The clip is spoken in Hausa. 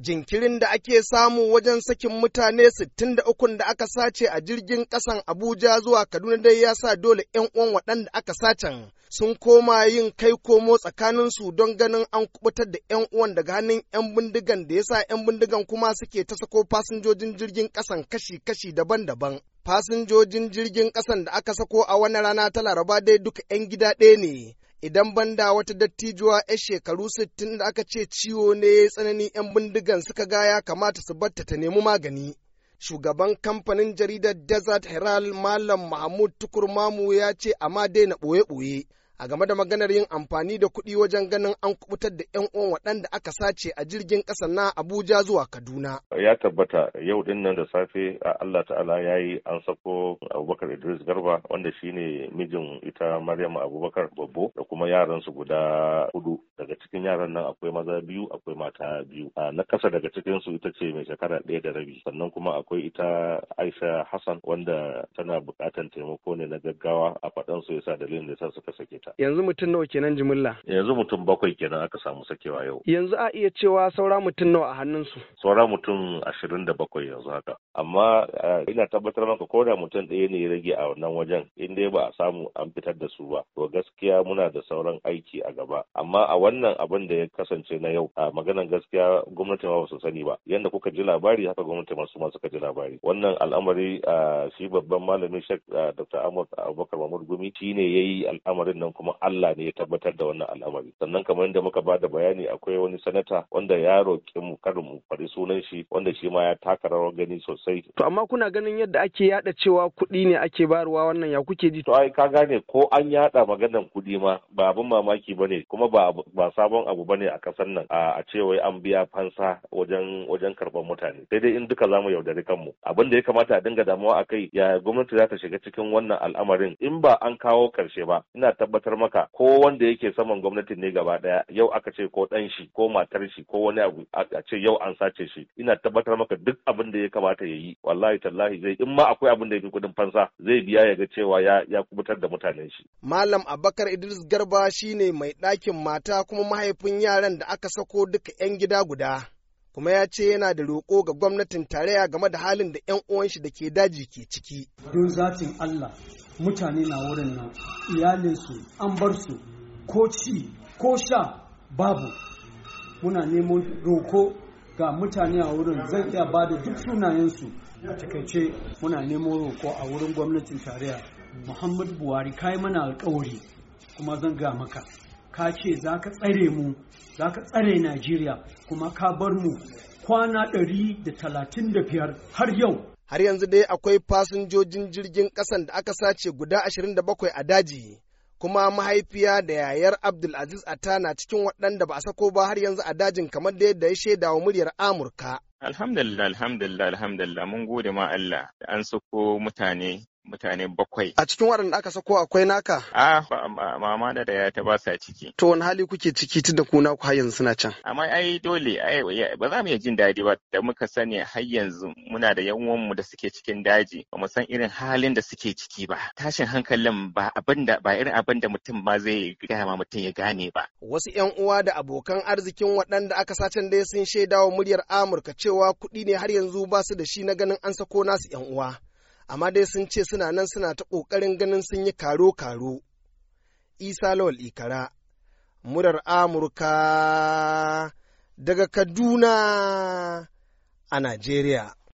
jinkirin da ake samu wajen sakin mutane 63 da aka sace a jirgin kasan Abuja zuwa Kaduna dai ya sa dole 'yan uwan waɗanda aka sacen sun koma yin kai komo tsakaninsu don ganin an kubutar da 'yan uwan daga hannun 'yan bindigan da ya sa 'yan bindigan kuma suke ta sako fasinjojin jirgin kasan kashi-kashi daban-daban. Fasinjojin jirgin ƙasan da aka sako a wani rana ta Laraba dai duka 'yan gida ɗaya ne. idan banda wata dattijuwa yan shekaru sittin da aka ce ciwo ne ya tsanani 'yan bindigan suka ga ya kamata su batta ta nemi magani. Shugaban kamfanin jaridar Desert Herald Malam Mahmud Tukur Mamu ya ce amma na ɓoye-ɓoye a game da maganar yin amfani da kuɗi wajen ganin an kubutar da 'yan uwan waɗanda aka sace a jirgin ƙasa na Abuja zuwa Kaduna. Ya tabbata yau din nan da safe Allah ta'ala ya yi an sako Abubakar Idris Garba wanda shine mijin ita Maryam Abubakar Babbo da kuma yaransu guda hudu daga cikin yaran nan akwai maza biyu akwai mata biyu na kasa daga cikinsu ita ce mai shekara ɗaya da rabi sannan kuma akwai ita Aisha Hassan wanda tana buƙatar taimako ne na gaggawa a faɗan su yasa dalilin da yasa suka sake ta sa yanzu mutum nawa kenan jimilla yanzu mutum bakwai kenan aka samu sakewa yau yanzu a iya cewa saura mutum nawa a hannun su. saura mutum ashirin da bakwai yanzu haka amma ina tabbatar maka ko da mutum ɗaya ne ya rage a wannan wajen in dai ba a samu an fitar da su ba to gaskiya muna da sauran aiki a gaba amma a wannan abin da ya kasance na yau a maganan gaskiya gwamnati ma ba su sani ba yanda kuka ji labari haka gwamnati masu ma suka ji labari wannan al'amari shi babban malami shek dr ahmad abubakar mahmud gumi shi ne ya yi al'amarin nan kuma Allah ne ya tabbatar da wannan al'amari sannan kamar yadda muka ba da bayani akwai wani sanata wanda ya roƙi mu karin mu faɗi sunan shi wanda shi ma ya taka rawar gani sosai to amma kuna ganin yadda ake yada cewa kuɗi ne ake bayarwa wannan ya kuke ji to ai ka gane ko an yada maganar kuɗi ma ba abin mamaki bane kuma ba ba sabon abu bane a kasar nan a ce wai an biya fansa wajen wajen karɓar mutane sai dai in duka zamu yaudari kanmu abin da ya kamata a dinga damuwa akai ya gwamnati za ta shiga cikin wannan al'amarin in ba an kawo ƙarshe ba ina tabbatar tabbatar maka ko wanda yake saman gwamnatin ne gaba daya yau aka ce ko dan shi ko matar shi ko wani abu a ce yau an sace shi ina tabbatar maka duk abin da ya kamata ya yi wallahi tallahi zai in ma akwai abin da ya fi kudin fansa zai biya ya ga cewa ya ya kubutar da mutanen shi malam abakar idris garba shine mai ɗakin mata kuma mahaifin yaran da aka sako duka 'yan gida guda kuma ya ce yana da roƙo ga gwamnatin tarayya game da halin da 'yan uwan shi da ke daji ke ciki. Don zatin Allah mutane na wurin nan iyalinsu an bar su ko ci ko sha babu muna nemo roƙo ga mutane a wurin zan iya ba da duk sunayensu a takaice muna nemo roƙo a wurin gwamnatin tarayya muhammadu buhari kai mana alƙawari kuma zan ga maka ka ce za ka tsare mu za ka tsare najeriya kuma ka bar mu kwana biyar har yau har yanzu dai akwai fasinjojin jirgin ƙasan da aka sace guda 27 a daji kuma mahaifiya da yayar abdulaziz ata na cikin waɗanda ba a sako ba har yanzu a dajin kamar da yadda ya shaida wa muryar amurka Alhamdulillah, alhamdulillah, alhamdulillah, mun gode ma Allah da an sako mutane mutane bakwai. A cikin waɗanda aka sako akwai naka? A mama da da ya ta ba sa ciki. To wani hali kuke ciki tun da kuna ku har yanzu suna can? Amma ai dole ba za mu iya jin daɗi ba da muka sani har yanzu muna da yan mu da suke cikin daji ba mu san irin halin da suke ciki ba. Tashin hankalin ba abin ba irin abinda da mutum ma zai gaya ma mutum ya gane ba. Wasu 'yan uwa da abokan arzikin waɗanda aka sacen dai sun shaidawa muryar Amurka cewa kuɗi ne har yanzu ba su da shi na ganin an sako nasu 'yan uwa. amma dai sun ce suna nan suna ta ƙoƙarin ganin sun yi karo-karo. Isa Lawal Ikara, murar Amurka daga Kaduna a Najeriya.